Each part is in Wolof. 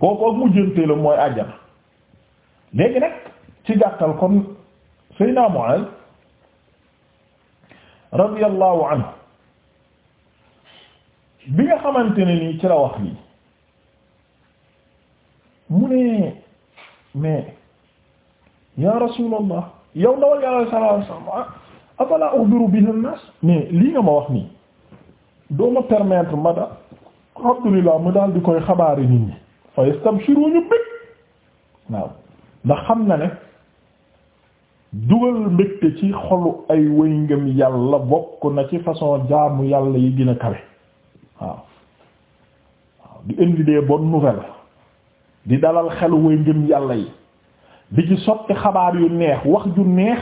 kooku ak mujjante la mooy àjjana léegi nag ci gàttal kon Seydina Mu'aaz radiyallahu anhu bi nga xamante ne nii ci la wax lii mu ne mais ya rasulallah yow ndawal yàlla sallallahu alayhi wasallam afala ah, ukhbiru bihi an-nas mais lii nga ma wax nii doo ma ma da alhamdulillah ma daal di koy xabaari nit ñi fa yastabshiru ñu bëgg waaw ndax xam na ne dugal mbégte ci xolu ay wëy ngëm yàlla bokk na ci façon jaamu yàlla yi gën a kawe waaw waaw di di dalal xelu wëy yàlla yi di ci sotti xabaar yu neex wax ju neex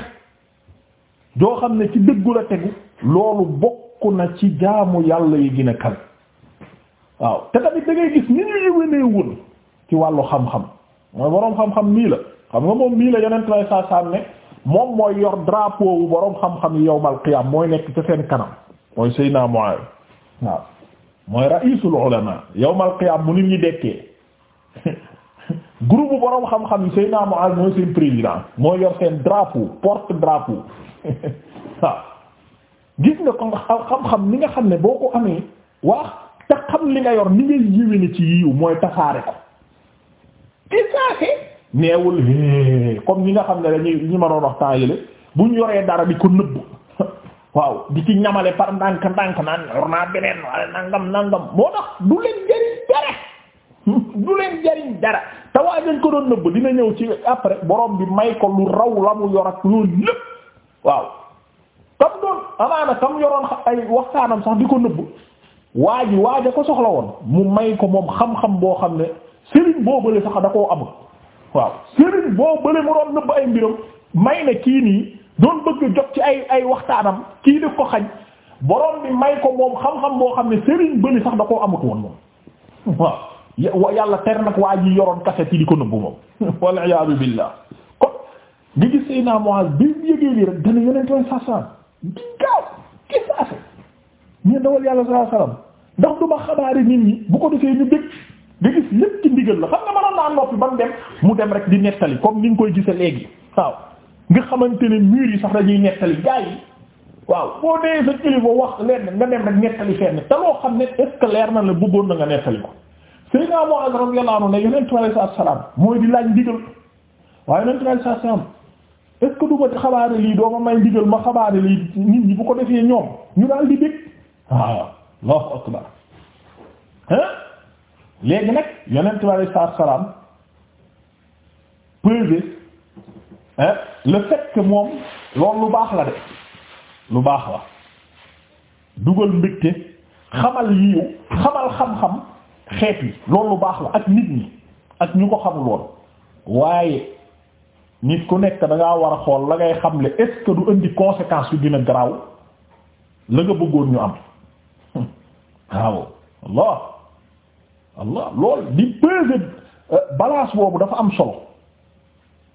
joo xam ne ci dëggu la tegu loolu bokk na ci jaamu yàlla yi gën kawe waaw te tamit da gis ni ñuy wënee woon ci wàllu xam-xam mooy boroom xam-xam mii la xam nga moom mii la yeneen lay saa saa ne moom mooy yor drapeau wu boroom xam-xam yi yawmal qiyaam mooy nekk ca seen kanam mooy Seydina Muaaz waaw mooy ra'isul ulama yawmal qiyaam mu nit ñi dekkee groupe boroom xam-xam mooy seen président mooy yor seen drapeau porte drapeau gis nga ko nga xam-xam ni nga xam ne boo ko amee wax te xam li nga yor ni ngay yéwéne ci yiw mooy tasaare ko isaase neewul comme ñi nga xam ne dañuy ñi ma doon wax temps yële bu ñu yoree dara di ko nëbb waaw di ci ñamale par ndànk ndànk naan yor naa beneen wala nangam nangam moo tax du leen jariñ dara du leen jariñ dara te waa ko doon nëbb dina ñëw ci après borom bi may ko lu raw la mu yor ak loolu lépp waaw tam doon amaana tam yoroon ay waxtaanam sax di ko nëbb waa ji waaja ko soxla woon mu may ko moom xam-xam boo xam ne sëriñ boo bële sax da koo amul waaw sëriñ boo bële mu doon nëbb ay mbiram may na kii nii doon bëgg jot ci ay ay waxtaanam kii def ko xañ borom bi may ko moom xam-xam boo xam ne sëriñ bële sax da koo amut woon moom waaw yàlla ter nag waa yi yoroon kaset yi di ko nëbbu moom walla iyaadu billaah kon ngi gis sëy naa Muaz bi yëgee lii rek dana yeneen tooy saasaan di gaaw saase ñu dawal yàlla sallallahu alayhi wasallam ndax duma xabaari nit ñi bu ko defee ñu nga gis lépp ci ndigal la xam nga mënoon naa noppi ba mu dem mu rek di nettali comme ni nga koy gise léegi waaw nga xamante ne murs yi sax ñuy nettali gaa yi waaw boo dee sa kilifa wax leen nga dem rek nettali fenn te loo xam ne est-ce que leer na la bëggoon na nga nettali ko Seydina Mu'adh radiyallahu anhu ne yonent bi alayhi salaatu salaam mooy di laaj ndigal waaye yonent bi alayhi salaatu salaam est-ce que ma xabaare lii doo ma may ndigal ma xabaare lii nit ñi bu ko defee ñoom ñu daal di dégg waaw Allahu akbar hein léegi nag yonent bi alayhi salaatu wa salaam peser le fait que moom loolu lu baax la de lu baax la dugal mbégte xamal yiw xamal xam-xam xeet yi loolu lu baax la ak nit ñi ak ñu ko xamul woon waaye nit ku nekk da ngaa war a xool la ngay xam est-ce du indi conséquence yu dina garaaw la nga bëggoon ñu am waaw Allah allah lool di peser euh, balance boobu dafa am solo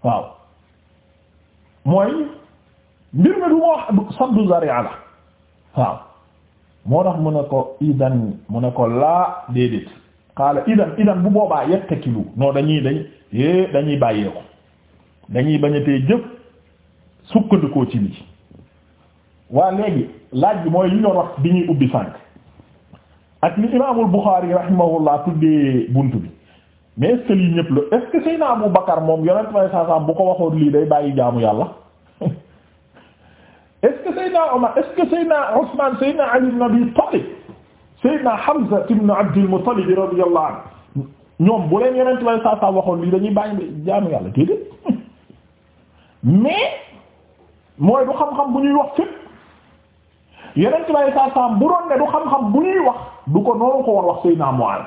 waaw mooy mbir mi du ma wax saddu zari'a waaw moo tax mu ne ko idan mu ne ko laa déedéet xaala idan idan bu boobaa yettakilu non dañuy dañ é dañuy bàyyeeku dañuy bañatee jëf sukkandikoo ci lii waa léegi laaj bi mooy li ñoo wax bi ñuy ubbi sànk ak li imaamul Buxaari rahimahullah tuddee bunt bi mais est-ce lii ñëpp la est-ce Abu Bakar moom yonent may saasaam bu ko waxoon lii day bàyyi jaamu yàlla est-ce que Seydina Omar Ali ibn Talib Seydina Hamza ñoom bu leen yonent may lii dañuy bàyyi jaamu yàlla déedéet mais mooy du xam-xam bu ñuy wax fépp yonent may saasaam bu doon ne du xam-xam bu ñuy wax. du ko noonu ko war wax Seydina Mu'aaz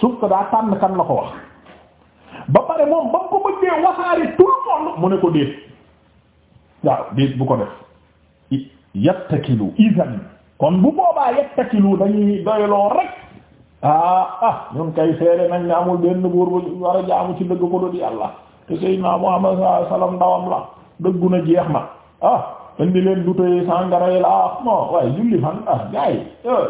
suuf ka daa tànn kan la ko wax ba pare moom ba mu ko bëggee wasaare tout le mu ne ko déet waaw déet bu ko def yattakilu izan kon bu boobaa yattakilu dañuy doyloo rek ah ah ñun kay seere nañ ne amul benn buur bu war a jaamu ci dëgg ko dul yàlla te Seydina Muhammad sallallahu alayhi wasallam ndawam la dëggu na jeex na ah, indi leen bouteille sangara yi la ah non waaye julli fan ah gars euh,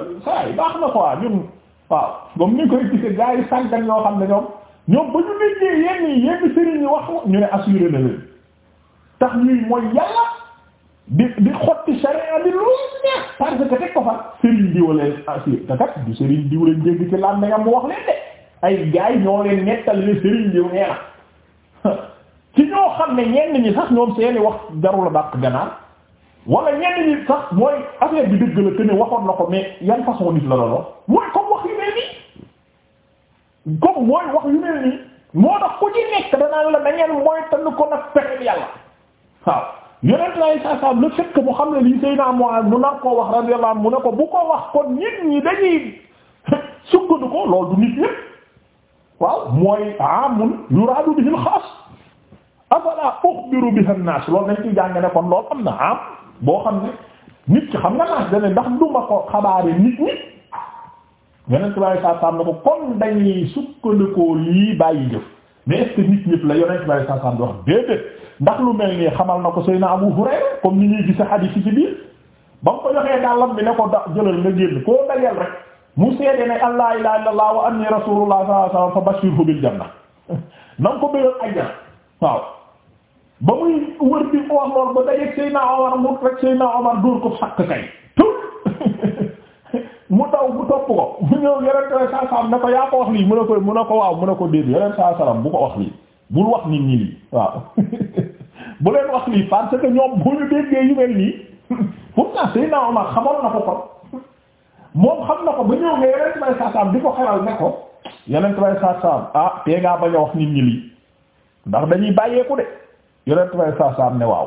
yi baax na quoi ñun waaw comme ni koy gisee gars yi sàggan ñoo xam ne ñoom ñoom ba ñu liggéey yenn yi yenn sëriñ yi wax ñu ne assuré na leen di di xotti sharia di lu neex parce que teg ko fa sëriñ diw leen assuré te du sëriñ diw leen dégg ci lan nga wax leen de ay gars ñoo leen nettal ne sëriñ diw nee ci ñoo xam ne ñenn ñi sax ñoom seeni wax jarul a dàq ganaar wala ñenn nit sax mooy affaire bi dëgg la te waxoon na ko mais yan façon nit la la wax mooy comme wax yu mel nii comme mooy wax yu mel nii moo tax ku ci nekk danaa la dañeen mooy tënk ko nag pexeel yàlla waaw yeneen lay saa saa le fait mu xam ne lii Seydina Muaz mu nar koo wax radiyallahu anhu mu ko bu ko wax kon nit ñi dañuy sukkandu ko loolu du nit ñëpp waaw mooy amun yuraadu bihi al-xaas afala uxbiru bihi an loolu dañ ciy jàng ne kon loolu am na am. boo xam ne nit ki xam nga naas dane ndax duma ko xabaare nit ñi yeneen ci bari saa saam ne ko kon dañuy sukkandikoo lii bàyyi jëf mais nit ñëpp la yeneen ci bari saa saam di wax déedéet ndax lu mel nii xamal na ko Seydina Abu Hurayra comme ni ñuy gis hadith yi ci biir ba mu ko joxee dàllam bi ne ko da jëlal nga génn koo dajal rek mu seede ne allah ilaha illallah wa waaw ba muy wër bi oon lool ba dajeek Seydina Omar mu rek Seydina Omar dóor ko sakk kay tut mu taw bu topp ko mu ñëw yeneen koy saa ne ko yaa ko wax lii mu ne ko mu ne ko waaw mu ne ko déet yeneen saa bu ko wax lii bul wax nit ñi lii waaw bu leen wax lii parce que ñoom bu ñu déggee yu mel nii pourtant Seydina Omar xamal na ko kon moom xam na ko ba ñëw nga yeneen koy saa di ko xelal ne ko yeneen koy saa ah tee ngaa bañ a wax nit ñi lii ndax dañuy bàyyeeku de yonent bay saasaam ne waaw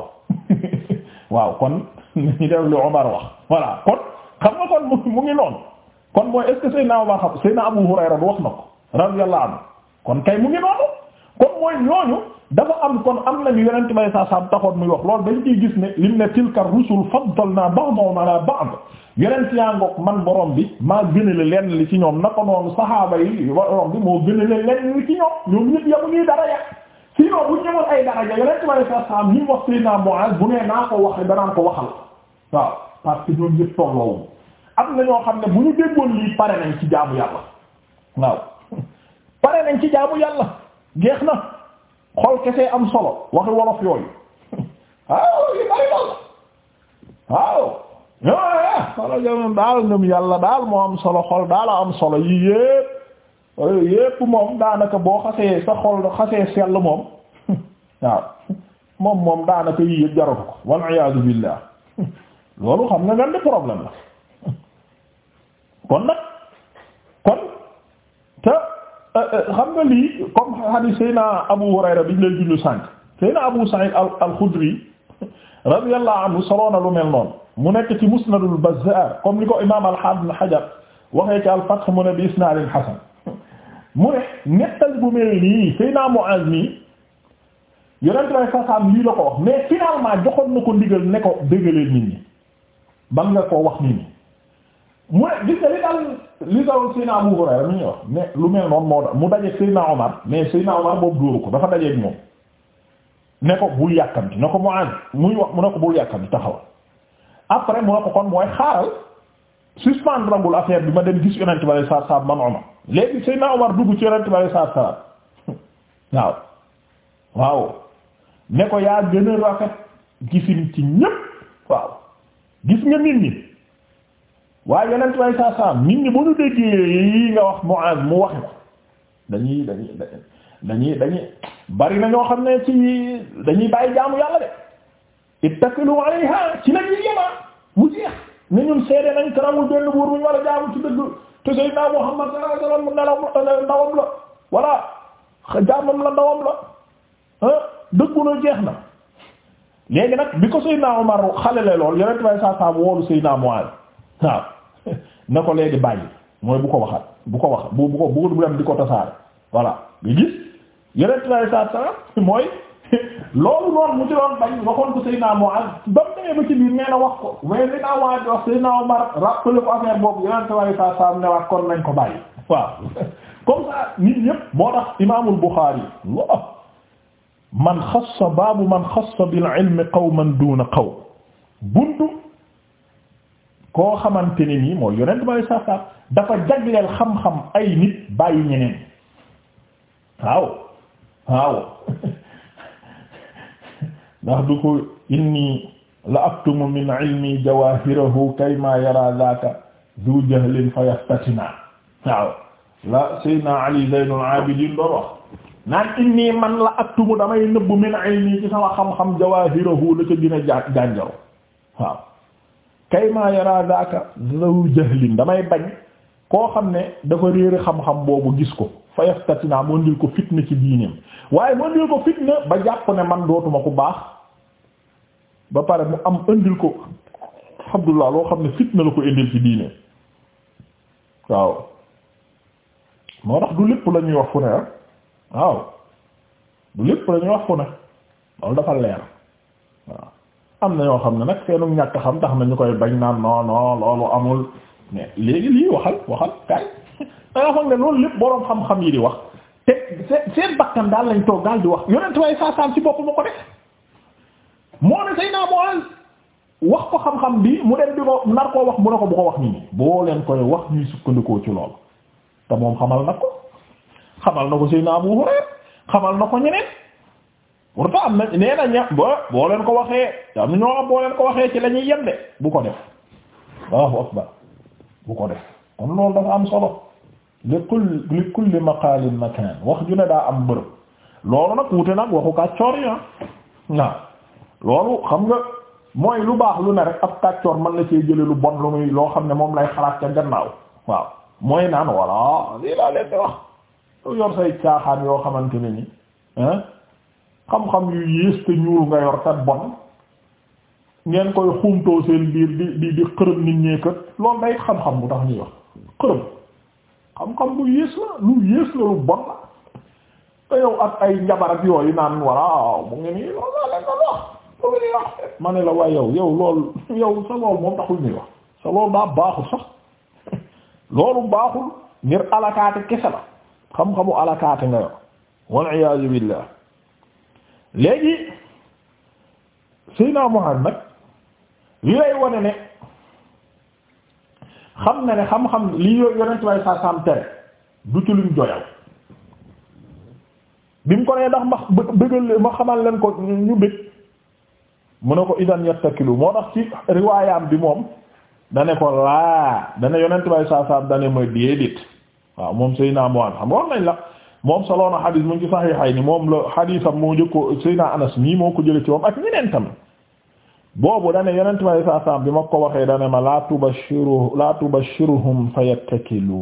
waaw kon ñu def lu Omar wax voilà kon xam nga kon mu ngi noonu kon mooy est-ce que Seydina Omar xam Seydina Abu Hurayra wax na ko radiyallahu anhu kon kay mu ngi noonu kon mooy ñooñu dafa am kon am nañu yonent bay saasaam taxoon muy wax loolu dañ ciy gis ne lim ne tilka rusul faddalna ba'dahum ala ba'd yonent yaa ngoog man borom bi maa gënale lenn li ci ñoom naka noonu saxaaba yi borom bi moo gënale lenn li ci ñoom ñoom ñëpp yamuñuy dara sinon bu ñu ñëwoon ay daraja yonent bi sallallahu alayhi wa sallam ñu wax Seydina Muaz bu nee naa ko wax danaa ko waxal waaw parce que ñoom ñëpp tolloowu am na ñoo xam ne bu ñu déggoon lii pare nañ ci jaamu la waaw pare nañ ci jaamu yàlla geex na xol kese am solo waxi wolof yooyu waaw yu bari lool waaw yo ah, wala jam daal ngëm yàlla daal moo am solo xol daala am solo yi yépp moom daanaka boo xasee sa xol xasee sell moom waaw moom moom daanaka yii yëpp jaratu ko wal iyaadu billah loolu xam nga ngan di problème la kon nag kon te euh, euh, xam nga lii comme hadith sayna Abu Hurayra bi ñu lay jundu sànq sayna Abu Sa'id al-Khudri radiyallahu anhu soloona lu mel noonu mu nekk ci musnadul Bazzar comme ni ko imam al-Hafiz Hajar waxee ci al-Fath mu ne bi isnaadin hasan mu ne nettali bu mel nii Seydina Muaz nii yonent bay saasam lii la ko wax mais finalement joxoon na ko ndigal ne ko dëggaleel nit ñi ba nga ko wax nit ñi mu ne gis nga li daal li daal Seydina Abu Hurayra mi ñu wax mais lu mel noonu moo da mu dajeeg Seydina Omar mais Seydina Omar boobu dóoru ko dafa dajeeg moom ne ko bul yàkkamti ne ko Muaz muy wax mu ne ko bul yàkkamti taxawal après mu ne ko kon mooy xaaral suspendre rangul affaire bi ma dem gis yonent léegi Seydina Omar dugg ci yonent bi alayhi salaatu wa salaam waaw waaw ne yaa gën a rafet ci ñépp waaw gis nga nit ñi waaye yonent bi alayhi salaatu wa salaam nit ñi bu déggee yi nga wax mu waxe ko dañuy dañuy dañuy dañuy bari na ñoo xam ci dañuy bàyyi jaamu yàlla de ittakilu alayha ci la ñuy yemaa mu jeex ne ñun nañ karamul benn bu ñu war jaamu ci dëgg te Seydina Muhammad sallallahu alayhi wa sallam ndawam la voilà jaamam la ndawam la ah dëggu na jeex na. léegi nag bi ko Seydina Omar xale la lool yeneen tubaab saa saa woolu Seydina Muaaz waaw na ko léegi bàyyi mooy bu ko waxaat bu ko wax bu bu ko bu dem di ko tasaare voilà nga gis yeneen saa saa mooy. loolu noonu mu ci doon bañ waxoon ko Seydina Muaz ba mu demee ba ci biir nee na wax ko mais li naa waaj wax Seydina Omar ko affaire ko bàyyi waaw comme ça nit ñëpp moo tax Imaamul Bukhari man xassa baabu man xassa bil ilmi qawman duuna qawm buntu koo xamante ne nii mooy yonent ba saa saa dafa jagleel xam-xam ay nit bàyyi ñeneen waaw waaw ndax du ko inni la aktumu min ilmi jawahirahu kayma yara zaka du jahlin fa yastatina waaw la saydna ali zaynul abidin doon wax naan inni man la aktumu damay nëbb min ilmi ci sama xam-xam yara zaka du jahlin damay bañ koo xam ne dafa réere xam-xam boobu gis ko fa naa moo ndil ko fitna ci diineem waaye moo ndil ko fitna ba jàpp ne man dootuma ku baax ba pare mu am indil ko Abdullah loo xam ne fitna la ko indil ci diineem waaw moo tax du lépp la ñuy wax ko ne ah. waaw du lépp la wax fu ne loolu dafa leer waaw am na ñoo xam ne nag seenu ñàkk xam tax na ñu koy bañ naan noo non loolu amul mais léegi lii waxal waxal kay danga foog ne loolu lépp boroom xam-xam yi di wax te seen bakkan daal lañ toog daal di wax yonent waaye saasaam ci bopp ma ko def moo ne Seydina wax ko xam-xam bi mu dem di ko koo wax mu ko bu wax nii boo koy wax ñuy sukkandikoo ci lool moom xamal nag ko xamal na ko Seydina xamal na ko ñeneen na nee na boo leen ko waxee am na ñoo am boo leen ko waxee ci lañuy ñuy yem de bu ko def Allahu akbar bu ko def kon loolu dafa am solo li kulli li kulli maqaalin makaan wax ju ne daa am bërëb loolu nag wute nag waxu kàccoor yi ah. waaw loolu xam nga mooy lu baax lu ne rek ab kàccoor mën na cee jële lu bon lu muy loo xam ne moom lay xalaat ca gannaaw waaw mooy naan walla lii laa leen di wax lu yor say caaxaan yoo xamante ne ni xam-xam yu yées te ñuul nga yor kat bon ngeen koy xumtoo seen biir di di di xërëm nit ñee kat loolu day xam-xam bu tax ñuy wax xërëm xam-xam bu yées la lu yées la lu bon la te yow ak ay njabarat yooyu naan waraaw mu ngi nii loolu laa leen doon ma ne la waaye yow yow loolu yow sa loolu moom taxul ñuy wax sa loolu daa baaxul sax loolu baaxul ngir alakaate kese la xam-xamu alakaate nga yor wal iyaazu billaah léegi Seydina Muhammad li lay wone ne xam na ne xam-xam li yooyu yonent bay saa saam tere du ci joyal bi mu ko nee ndax ma leen ma xamal leen ko ñu bëgg mu ne ko idan kilo moo tax ci riwaayam bi moom dane ko laa dane yonent bay saa saam dane ma déedéet waaw moom Seydina Mu'adh xam woon nañ la moom soloon a xadiis mu ngi ci saxiixay ni moom la xadiisam moo jëkkoo ko Seydina Anas mii moo ko jële ci moom ak ñeneen tamit boobu dane yonent ma saa saam bi ma ko waxee dane ma laa tubashiru laa tubashiruhum fayattakilu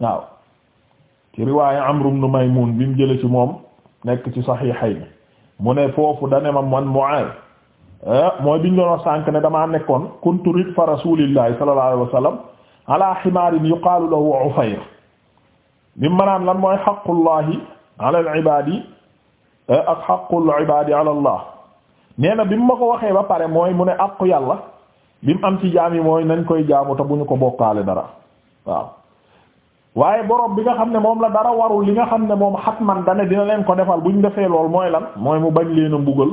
waaw ci riwaaye Amru ibn Maymun bi mu jële ci moom nekk ci Sahihayn mu ne foofu dane ma moo Mu'aaz eh, mooy biñ doon sànk ne damaa nekkoon kuntu ridfa rasulillahi sallallahu alayhi wa sallam ala himaarin yuqaalu lahu Ufayr bi ma naan lan mooy haqqullahi ala al-ibaadi eh, ak Allah nee na bi mu ma ko waxee ba pare mooy mu ne àqu yàlla bi mu am ci jaam yi mooy nañ koy jaamu te bu ñu ko bokkaale dara waaw waaye borom bi nga xam ne moom la dara warul li nga xam ne moom man dane dina leen ko defal bu ñu defee lool mooy lan mooy mu bañ leen a mbugal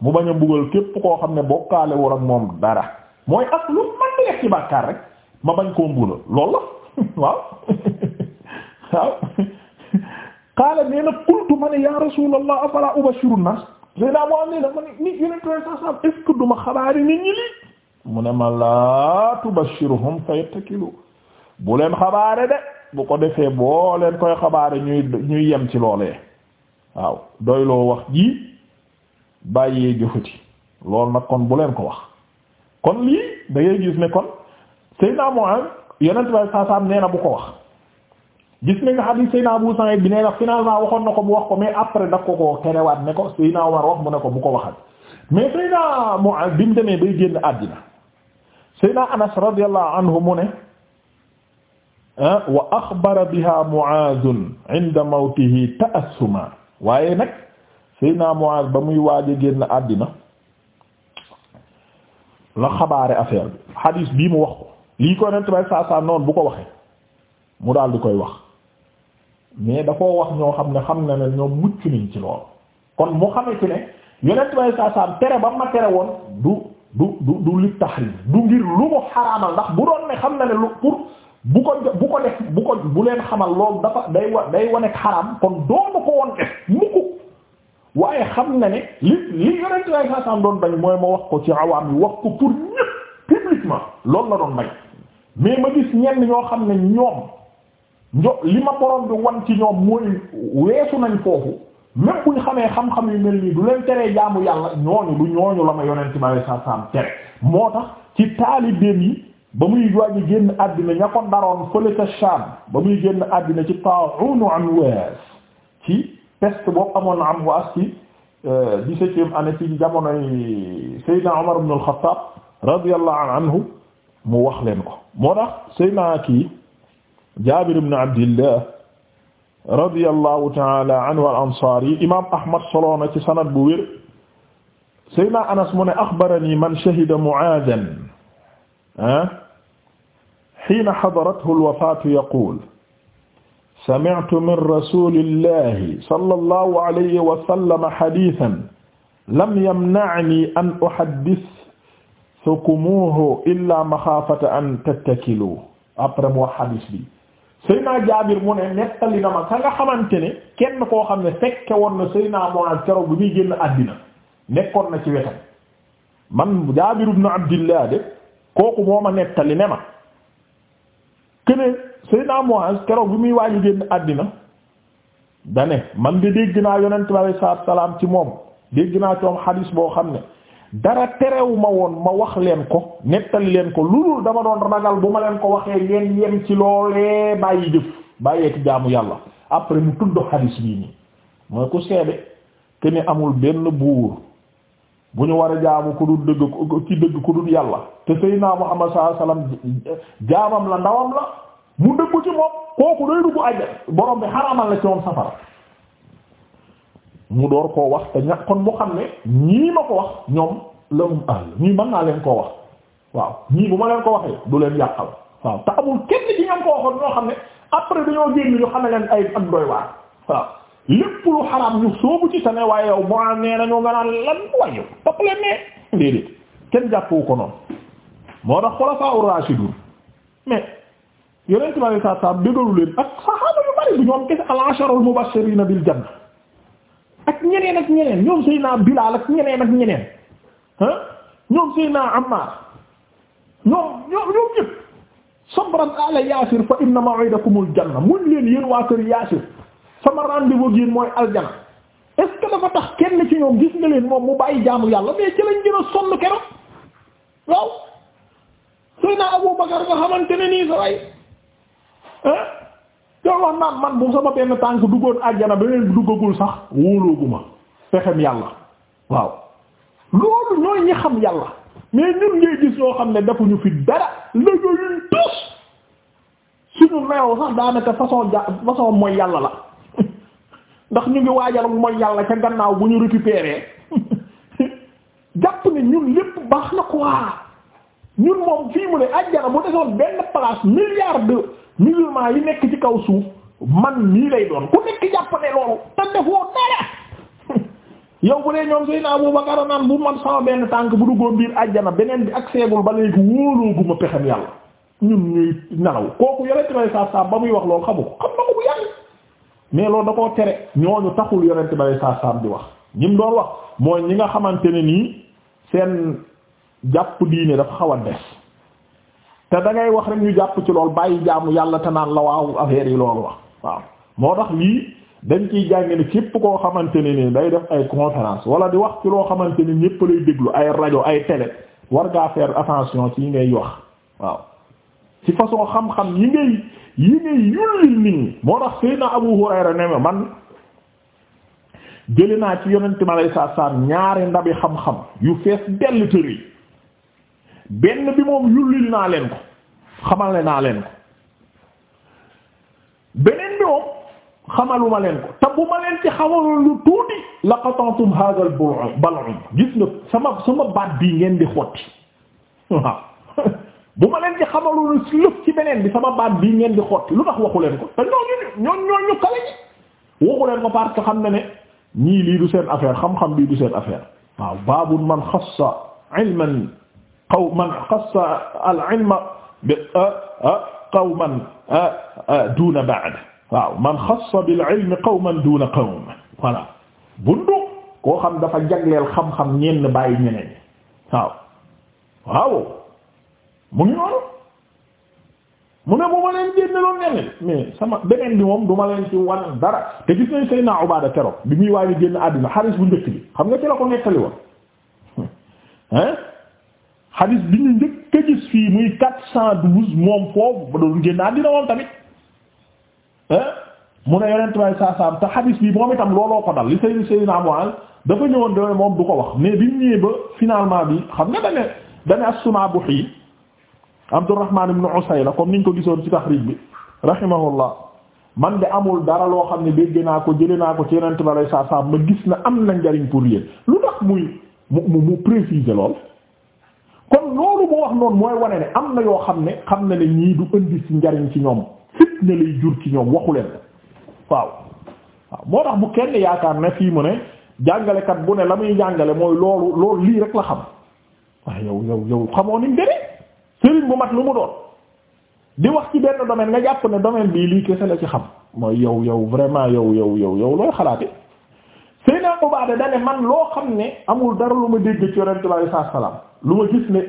mu bañ a mbugal képp koo xam ne bokkaale wul ak moom dara mooy ak lu man di def ci bàkkaar rek ma bañ koo mbugal lool la waaw waaw qaala nee na ma ne ya rasulallah afala ubashiru Seydina Abu Hurayra dafa ne ni Yonent bi sallallahu alayhi wasallam est-ce que ñi lii mu ne ma laa tubashiruhum fayattakilu bu leen xabaare de bu ko defee boo leen koy xabaare ñuy ñuy yem ci loolee waaw doy loo wax ji bàyyee jëfati loolu nag kon bu leen ko wax kon lii da ngay gis ne kon Seydina Mu'aaz Yonent bi sallallahu alayhi wasallam nee bu ko wax gis nañ hadith Seydina Abu Sa'id bi nee na finalement waxoon na ko mu wax ko mais après daf ko ko ne ko Seydina Omar wax mu ne ko bu ko waxat mais Seydina Mu'adh bi mu demee bay génn àddina Seydina Anas radiyallahu anhu mu ne ah, wa waaye nag Seydina Mu'adh ba muy waaj a génn àddina la xabaare affaire bi hadith bi mu wax ko lii ko nent bay saa saa noonu bu ko waxee mu daal di koy wax mais da koo wax ñoo xam ne xam na ne ñoom mucc nañ ci loolu kon mu xamee ci ne yonent bay saa saam tere ba ma tere woon du du du du li tahrim du ngir lu mu xaraamal ndax bu doon ne xam na ne lu pour bu ko bu ko def bu ko bu leen xamal lool dafa day wa day wanek xaraam kon doonu ko woon def mukku waaye xam na ne li li yonent bay saa doon bañ mooy ma wax ko ci awaam yi wax ko pour ñëpp publiquement loolu la doon bañ mais ma gis ñenn ñoo xam ne ñoom njo li ma borom bi wan ci ñoom mooy weesu nañ foofu même bu ñu xamee xam-xam yu mel nii du leen teree jaamu yàlla ñooñu du ñooñu la ma yonent bi alayhi salaam tere moo tax ci taalibeem yi ba muy wàññi génn àddina ña ko daroon fële ca Sham ba muy génn àddina ci ta'unu Anwas ci peste boobu amoon na Anwas ci euh, dix-septième année ci jamonoy Seydina Umar ibn al-Khattab radiyallahu anhu mu wax leen ko moo tax Seydina kii Jaabir ibn Abdillah radiyallahu ta'ala anhu al-Ansaari imaam Ahmad solo na ci sanad bu wér Seydina Anas mu ne axbarani man shahida Mu'aadan ah, hiina hadarathu al-wafaatu yaquul sami'tu min rasuulillahi sallallahu alayhi wa sallam hadiisan lam yamna'nii an uhaddithakum illaa maxaafata an tattakilu après mu wax hadis bi. Seyna Jaabir mu ne nettali na ma ka nga xamante ne kenn koo xam ne fekke woon na Seyna Mu'aaz keroog bu muy génn àddina nekkoon na ci wetam man Jaabir ibn Abdillah de kooku moo ma nettali ne ma kene Seyna Mu'aaz keroog bu muy waañu génn àddina dane man de dégg naa yonent bi alayhi salaam ci moom dégg naa ci moom xadiis boo xam ne dara terew woon ma wax leen ko nettali leen ko loolu dama doon ragal bu ma leen ko waxee ngeen yem ci loolee bàyyi jëf bàyyeek ci jaamu yàlla après mu tudd xadiis bii nii mooy ku seede ke amul benn buur bu ñu war a jaamu ku dul dëgg dëgg ku dul yàlla te Seydina Muhammad sallallahu alayhi wasallam jaamam la ndawam la mu dëggu ci moom kooku day duggu àjjana borom bi xaramal la ci moom safara mu door koo wax te ñàkk kon mu xam ne ñii ma ko wax ñoom la mu àll ñii mën naa leen koo wax waaw ñii bu ma leen ko waxee du leen yàqal waaw te amul kenn ci ñoom koo waxoon ñoo xam ne après dañoo génn ñu xam ne leen ay ak doy waar waaw yow moo nee na ñu nga naan lan waaye yow leen ne kenn jàppu ko noonu moo tax xulafaa ur-raashidun mais yeneen ci ma ne saa saa leen ak saxaaba yu bari bu ñoom kese al-ashara al-mubashirina bil janna ak ñeneen ak ñeneen ñoom Seydina Bilaal ak ñeneen ak ñeneen ah ñoom Seydina Ammaar ñoom ñoom ñoom ñëpp sabran ala yaasir fa inna maw'idakumul janna muñ leen yéen waa kër yaasir sama rendez-vous gi mooy aljana est ce tax kenn ci ñoom gis nga leen moom jaamu yàlla mais ci lañ a sonn keroog waaw Seydina Abu Bakar nga xamante ne nii te wax naan man bu sama benn tànk duggoon àjjana beneen bi duggagul sax wóolooguma fexem yàlla waaw loolu ñooy ñi xam yàlla mais ñun ngay gis yoo xam ne defuñu fi dara lëgëyuñ tus suñu meew sax daanaka façon ja façon mooy yàlla la ndax ñu ngi waajal mooy yàlla ca gannaaw bu ñu récupérer jàpp ne ñun lépp baax na quoi ñun moom fii mu ne àjjana bu desoon benn place milliard musulman yi nekk ci kaw suuf man mii lay doon ku nekk jàpp ne loolu te defoo dara yow bu dee ñoom Seydina Abu Bakar naan bu man sama benn tànk bu duggoon biir àjjana beneen bi ak seegul ba léegi wóolooguma pexem yàlla ñun ñuy nelaw kooku yonent bay saa saa ba muy wax loolu xamu ko xam na ko bu yàgg mais loolu da koo tere ñooñu taxul yonent bay saa saa di wax ñim doon wax mooy ñi nga xamante ne nii seen jàpp diine dafa xaw a des te da ngay wax rek ñu jàpp ci lool bàyyi jaamu yàlla te naan la waaw affaire yi loolu wax waaw moo tax lii dañ ciy jàng ne képp koo xamante ne ni day def ay conférence wala di wax ci loo xamante ni ñépp lay déglu ay rajo ay télé war ngaa faire attention ci yi ngay wax waaw ci façon xam-xam yi ngay yi ngay yullil nit ñi moo tax Seydina Abu Hurayra ne ma man jëli naa ci yonente mi alay saat ñaari ndabi xam-xam yu fees dell tëri benn bi moom yullil naa leen ko xamal naa leen ko beneen bi moom xamaluma leen ko te bu ma leen ci xamaloon lu tuuti laqatantum hadha al bal'um gis nga sama sama baat bii ngeen di xotti waaw bu ma leen ci xamaloon lu lëf ci beneen bi sama baat bii ngeen di xotti lu tax waxu leen ko te ñooñu ñooñu ñooñu kale ji waxu leen ko parce que xam na ne ñii lii du seen affaire xam-xam bii du seen affaire waaw baabun man xassa ilman xaw man xassa al ilma bi ah, ah, qawman ah, duna ba'd waaw man xassa bil ilmi qawman duna qawm voilà bundu koo xam dafa jagleel xam-xam ñenn bàyyi ñeneen waaw waaw mu ngi noonu mu ne bu ma leen génneloon ñeneen mais sama beneen bi moom du ma leen ci wan dara te gis nañ Seydina Ubaada keroog bi muy waaye génn àddina xaris bu njëkk bi xam nga ci la ko nettali woon hein xadis bi ñu njëkk a gis fii muy quatre cent douze moom foofu ba doon génn àddina moom tamit mu ne yonent may saasaam te xadis bi moom itam looloo ko dal li Seydou Seydina Amuwaal dafa ñëwoon doole moom du ko wax mais bi mu ñëwee ba finalement bi xam nga dane dane as-Sunaabuhi Abdurrahman ibn Usayla comme niñ ko gisoon ci taxriij bi rahimahullah man de amul dara loo xam ne dégg naa ko jële naa ko ci yonent ba lay saasaam ma gis na am na njariñ pour yéen lu tax mu mu préciser lool. kon loolu moo wax noonu mooy wane ne am na yoo xam ne xam na ne ñii du indi ci njariñ ci ñoom fitna lay jur ci ñoom waxu leen waaw waaw moo tax bu kenn yaakaar ne fii mu ne jàngalekat bu ne la muy jàngale mooy loolu loolu lii rek la xam waaye yow yow yow xamoo ni mu demee sëriñ bu mat lu mu di wax ci benn domaine nga jàpp ne domaine bii lii kese la ci xam mooy yow yow vraiment yow yow yow yow looy xalaate Seydina Ubaada da ne man loo xam ne amul dara lu ma dégg ci Yonent bi sallallahu alayhi lu ma gis ne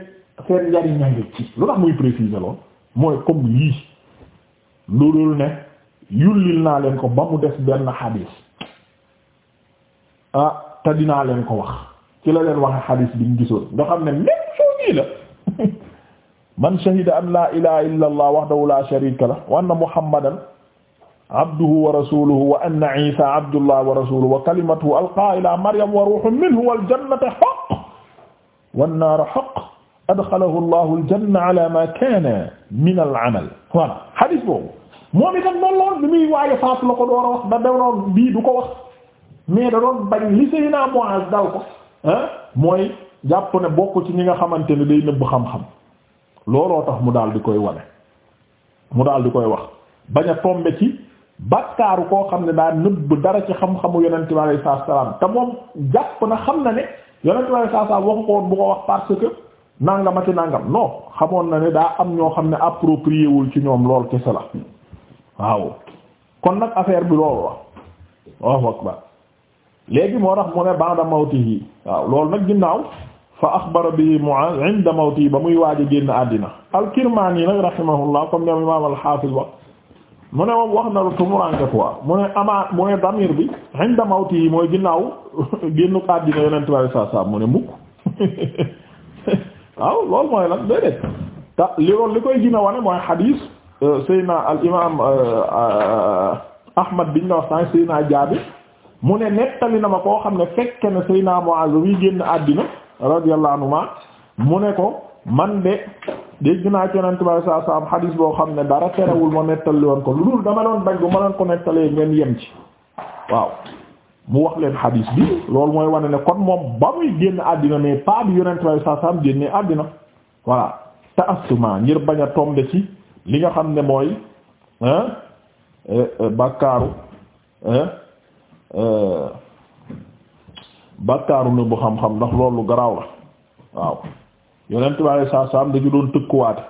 seen njariñ a ci lu tax muy préciser lool mooy comme lii loolul ne yullil naa leen ko ba mu des benn xadiis ah te dinaa ko wax ci la leen wax xadiis bi ñu gisoon nga xam ne même chose yi la man shahida an la ilaha illa allah wahdahu la sharika lah wa anna muhammadan abduhu wa rasuluhu wa anna isa abdullah wa rasuluhu wa kalimatuhu alqaa wa ruhun wannaara xaq adxalahu llahu aljanna ala ma kaana min alamal voilà hadis boobu moom itam noonu lool li muy waaye faatu la ko door a wax da doon bii du ko wax mais da doon bañ li Seydina Muaz dal ko mooy jàpp ne bokk ci ñi nga xamante ne day nëbb xam-xam looloo tax mu daal di koy wane mu daal di koy wax bañ a tombe ci bakkaaru koo xam ne daa nëbb dara ci xam-xamu yonente bi alayhi salaam te moom jàpp na xam na ne yonent bi saa saa waxu ko bu ko wax parce que nangam ak nangam non xamoon na ne daa am ñoo xam ne approprié wul ci ñoom lool kese la waaw kon nag affaire bi loolu la waaw wax ba léegi moo tax mu ne ba'da mawtihi waaw loolu nag ginnaaw fa axbara bi Mu'aaz 'inda mawtihi ba muy waaj a génn àddina al-Kirmaani nag rahimahullah comme ñoom wax mu ne moom wax na lu tumuranke quoi mu ne amaat mu ne damir bi inda mooy ginnaaw génnu àddina yonent bi sallallahu alayhi mu ne mukk waaw loolu mooy lan déedéet te li loolu li koy gën a wane mooy xadiis euh, Seyna al imaam euh, euh, Ahmad biñ la wax sànq Seyna jaabi mu ne nettali na ma koo xam ne fekk na Seyna Muaz wi génn àddina radiyallahu anhuma mu ne ko man de dégg naa ci yonent bi sallallahu alayhi wasallam xadiis boo xam ne dara terewul moo nettali woon ko lu dul dama doon dagg ma doon ko nettalee ngeen yem ci. waaw mu wax leen xadiis bi loolu mooy wane ne kon moom ba muy génn àddina mais pas bi yonent way saa sam génne àddina voilà te astuma ngir bañ a tombe ci li nga xam ne mooy euh, euh, bàkkaaru euh, bàkkaaru ne bu xam-xam ndax loolu garaaw la waaw yonent way saa sam dañu doon tëkkuwaate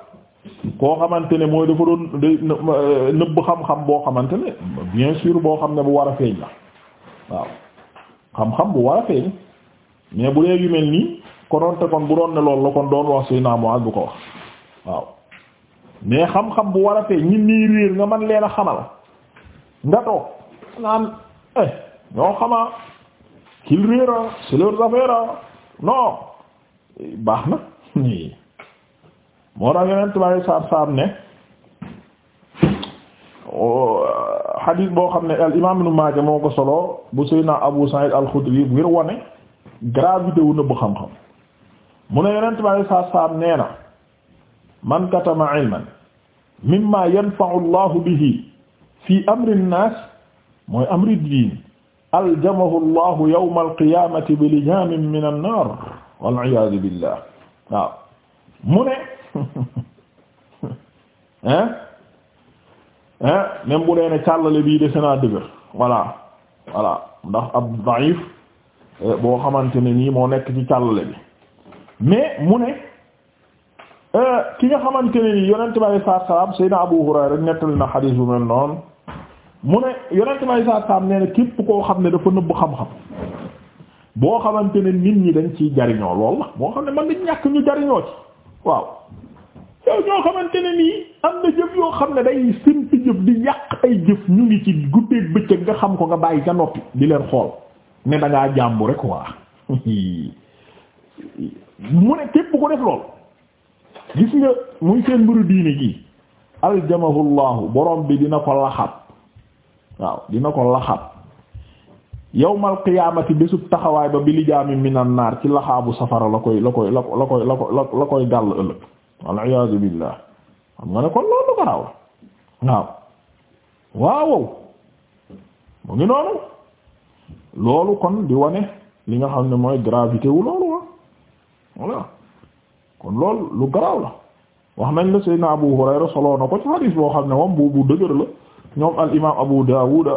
koo xamante ne mooy dafa doon euh, nëbb xam-xam boo xamante ne bien sûr boo xam ne bu war a feeñ la waaw xam-xam bu war a feeñ mais bu dee yu nii konoon te kon bu doon ne lool la kon doon wax suy naa Muaz bu ko wax waaw mais xam-xam bu war a feeñ ñun nii réer nga man leen a xamal nga toog naan eh ñoo xamaa qu'il réera c'est leurs affaires non baax na. moo tax yeneen tubaab saab saab ne xadiis boo xam ne al imaam Ibn Maaja moo ko solo bu Seydina Abu Saïd al-Khudri ngir wane gravité wu nëbb xam-xam mu ne yeneen tubaab saab saab nee na man katama ilman mimma yanfa'u Allahu bihi fi amri an-nas mooy amri diin aljamahu Allahu yawmal qiyaamati bi lijaamin min an-naar wal-iyaadu billah waaw mu ne hein hein même bu ne càllale bii dese naa dëgër voilà voilà ndax ab daif euh, boo xamante ne nii moo nekk ci càllale bi mais mu ne euh, ki nga xamante ne nii yonent bi alayhi salaatu salaam Seydina Abu Hurayra rek nettali na xadiis bu mel noonu mu ne yonent bi alayhi salaatu salaam na képp koo xam ne dafa nëbb xam-xam boo xamante ne nit ñi dañ ciy jariñoo lool la boo xam ne man dañ ñàkk ñu jariñoo ci waaw ñoo xamante ne nii am na jëf yoo xam ne day simpi jëf di yàq ay jëf ñu ngi ci guddeeg bëccëg nga xam ko nga bàyyi ca noppi di leen xool ne da ngaa jàmbu rek waa mu ne képp ko def lool gis nga muy seen mbiru diine gi aljamahullahu borom bi dina ko laxab waaw dina ko laxab yawmal qiyaamati bésub taxawaay ba bi lijaami minan naar ci laxaabu safara la koy la koy la koy la koy la koy gàll ëllëg waliyasu billah xam nga ne kon loolu garaaw waaw waawow mu ngi noonu loolu kon di wane li nga xam ne mooy gravité wu loolu wa ah. kon loolu lu garaaw la nañ la Seydina Abu Hurayra soloo na ko ci hadis boo xam ne moom bu bu dëgër la ñoom al imam Abu Dawud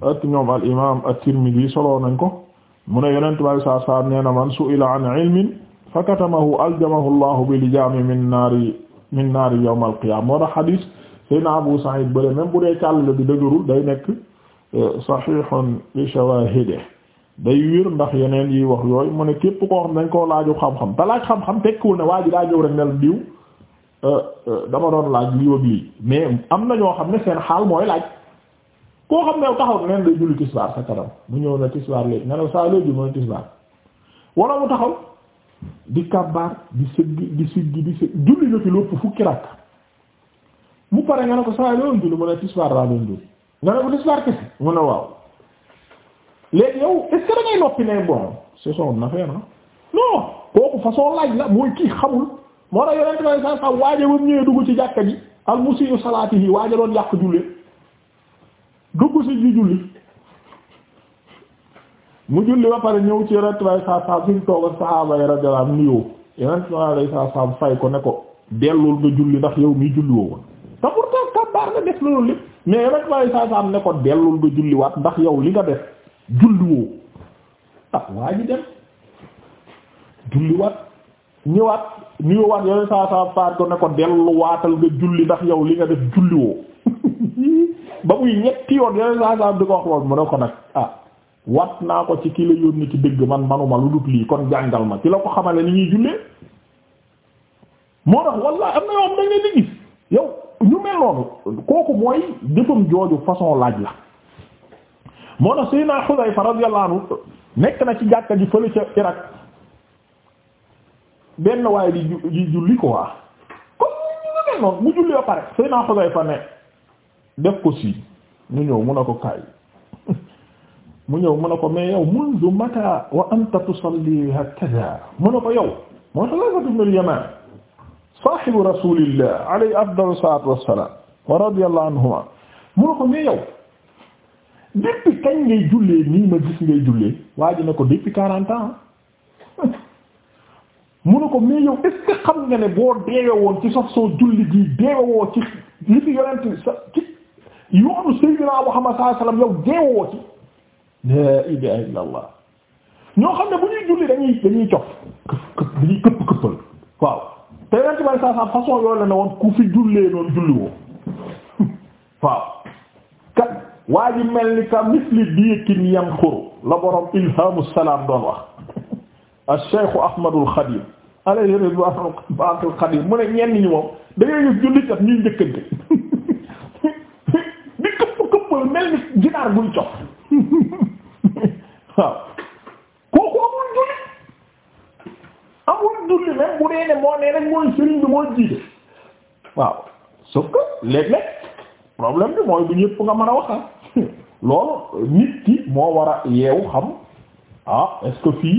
ak ñoom al imam at-Tirmidhi soloo nañ ko mu ne yonent bi sallallahu alayhi wasallam nee na man su'ila an ilmin fa katamahu aljamahu llahu bilijaami min naari min naari yawma alqiyama moo tax hadis sayna Abu Sa'id bële même bu dee càll bi dëgërul day nekk euh, sahihun bi shawahide day wér ndax yeneen yi wax yooyu mu ne képp koo xam dañ koo laaju xam-xam te laaj xam-xam tekkiwul ne waa daa ñëw rek nel diw euh, euh, dama doon laaj lii ak lii mais am na ñoo xam ne seen xaal mooy laaj koo xam ne taxaw neen day julli tisbaar sa kanam mu ñëw na tisbaar léegi nga ne saa di kabbaar di sëggi di siggi di sëgg julli na fi lépp fukki rakk mu pare nga ne ko saa yoo doon julli mu ne tisbaar laa doon julli nga ne ko tisbaar kese mu ne waaw léegi yow est-ce que da ngay noppi bon c'est son affaire ah non kooku façon laaj la mooy kii xamul moo tax yonent bi saa saa waaja ba mu ñëwee dugg ci jàkka ji al musii'u salaatihi waaja doon yàq julli dugg ci julli. mu julli ba pare ñëw ci yonent bi saa saa fi mu toog ak saxaaba yi radiyallahu anhum nuyoo fay ko ne dellul nga julli ndax yow mii julli woon te pourtant kabaar nga def loolu lépp mais yonent bi saa ko dellul nga julliwaat ndax yow li nga def julli woo ah waa ji dem ñëwaat nuyoowaat yonent saa saa faat ko ne delluwaatal nga julli ndax yow li nga def julli woo ba muy ñetti yoon yonent saa saa di ko wax loolu mu ne nag ah, wat naa ko ci ki la yónni ci dëgg man manuma lu dut lii kon jàngal ma ci la ko xamale ni ñuy jullee moo tax wallahi am na yoo am dañ leen gis yow ñu mel noonu kooku mooy jëfam jooju façon laaj la moo tax Seydina Xudayfa radiyallahu anhu nekk na ci jàkka ji fële ca Irak benn waaye di di julli ko waa comme ñu mel noonu mu julli ba pare Seydina Xudayfa ne def ko si ñu ñëw mun a ko kaay mu ñëw mu ne ko mais yow mundu mata wa anta tusalli hakaza mu ne ko yow moo Hudayfa ibn al-Yaman sahibu rasulillah alayhi afdalu salaatu wassalaam wa radiyallahu anhuma mu ne ko mais yow depuis kañ ngay jullee nii ma gis ngay jullee waa ji ne ko depuis quarante ans mu ne ko mais yow est ce que xam nga ne boo deewe woon ci sax soo julli gi deewe woo ci li fi yonent sa ci yoonu Sayyidina Muhammad sallallahu alayhi wasallam yow deewe woo ci la ilaha illa allah ñoo xam ne bu ñuy julli dañuy dañuy cof këpp dañuy këpp këppal waaw te yonent bi saa saa façon yooyu la ne woon ku fi jullee noonu julliwoo waaw kat waa ji mel ni ka misli diikin yanquru la borom ilhamu salaam doon wax ash-shaykh ahmadul xadim alayhi ridwaanul xadim mu ne ñenn ñi moom da ngay gis julli kat ñuy njëkkante di këpp këppal mel ni ginaar buy cof waaw kooku amul julli amul julli même bu dee moo nee mooy sëriñ bi mooy jiite waaw sauf que léeg-léeg problème bi mooy du ñëpp nga mën a wax ah. loolu nit ki moo war a yeewu xam ah est que fii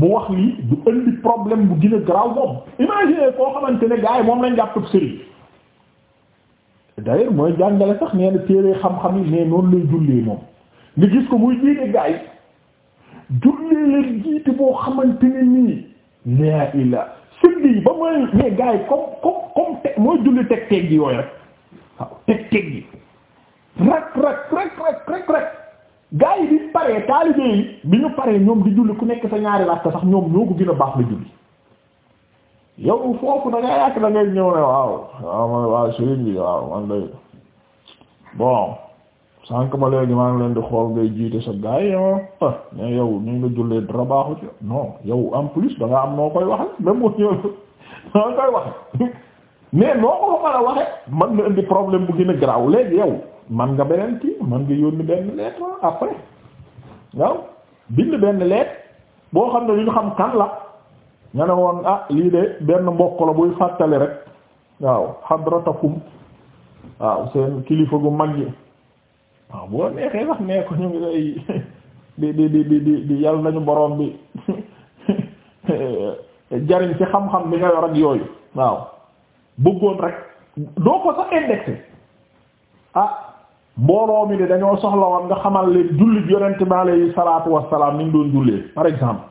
mu wax lii du indi problème bu gën a garaaw moom imagine koo xamante ne gars moom lañ jàpp sëriñ d'ailleurs mooy jàngale sax nee na téere xam-xam yi mais noonu lay jullee moom nga gis ko muy jiite gars jullee leen jiite boo xamante ne nii laa ilaa sëlli ba mooy mais gars yi comme comme comme te mooy julli teg teg gi yooyu rek waaw teg teg gi rek rek rek rek rek yi bi paree taalibe yi bi ñu paree ñoom di julli ku nekk sa ñaari laaj sax ñoom ñoo ko gën a baax la julli yow foofu da ngay yàq ñëw ne waaw waaw man waaw sëriñ bi waaw man day bon sànq ba léegi maa ngi leen di xool ngay jiite sa gars yi ah, ah mais yow ni nga jullee dara baaxu ci non yow en plus da nga am noo koy waxe même mu ñëw noo koy waxe mais noo indi problème bu gën a garaaw léegi yow man nga beneen kii man nga yónni benn lettre ah, après waaw bind benn lettre boo xam ne lu ñu xam kan la nga ne woon ah lii de benn mbokk la buy fàttali rek waaw hadratakum waaw seen kilifa gu mag yi waaw boo neexee wax nee ko ñu ngi lay di di di di di di yàlla nañu borom bi jariñ ci xam-xam bi nga yor ak yooyu waaw bëggoon rek doo ko sax indexé ah mbooloo mi de dañoo soxla woon nga xamal leen jullit yonent bi alayhi salaatu wassalaam ni ñu doon jullee par exemple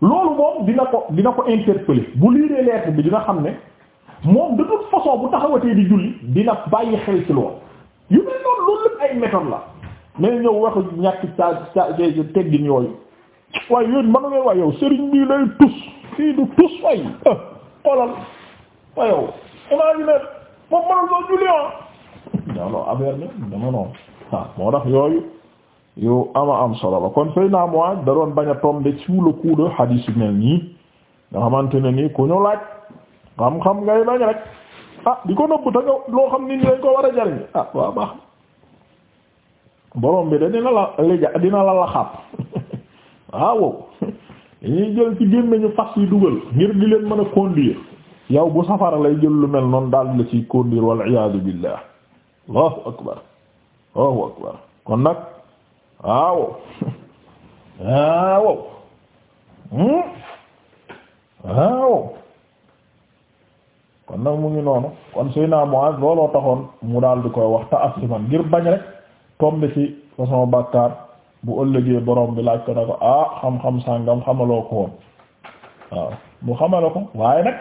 loolu moom dina ko dina ko interpeller bu liiree lettre bi dina xam ne moom de toute façon bu taxawatee di julli dina bàyyi xel ci loolu yu mel noonu loolu lépp ay méthode la mais ñëw waxu ñàkk ca ca teggin yooyu waaye yéen mën nga wax yow sëriñ bii lay tus fii du tus way ah xoolal waaye yow imaginer moom ah. ah, moo tax yooyu yow ama am solo la kon sëy naa moi da doon bañ a tomber sous le coup de hadith mel nii nga xamante ne nii ku ñu laaj xam-xam ngay bañ rek. ah di ko nëbb te nga loo xam ni dañ ko war a jariñ ah waaw baax borom bi da dina la la la waaw dañuy jël ci gémmiñu fas yi dugal ngir di leen mën a conduire yow bu safara lay jël lu mel noonu daal la ciy conduire wal iyaadu billah allahu akbar allahu akbar kon nag waaw waaw hmm? waaw kon nag mu ngi noonu kon Seydina Muaz looloo taxoon mu daal di koy wax ta'assuman ngir bañ rek tombe ci façon bàkkaar bu ëllëgee borom bi laaj ko ne ko ah xam-xam sàngam xamaloo ko woon waaw mu xamale ko waaye nag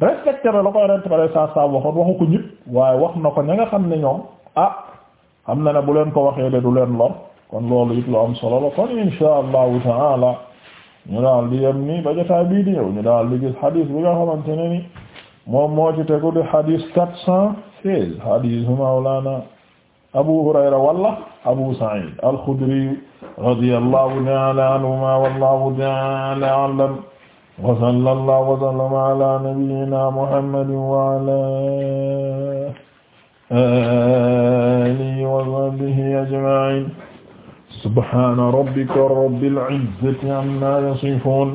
respecté la la ko yonent bare saa waxoon waxu ko ñëpp waaye wax na ko ña nga xam ne ñoom ah xam na ne bu leen ko waxee de du leen lor kon loolu it lu am solo la kon insha allahu taala ñu daal di yem nii ba jotaay bii di ñëw ñu daal moom moo ci tegu di hadis quatre cent seize hadisu mawlana abu hurayra wala abu sa'id al-khudri radiyallahu ta'ala anhuma wallahu ta'ala a'lam wa sallallahu wa sallama ala nabiyyina muhammadin wa ala alihi wa sahbihi ajma'in subhana rabbika rabbil izzati amma yasifun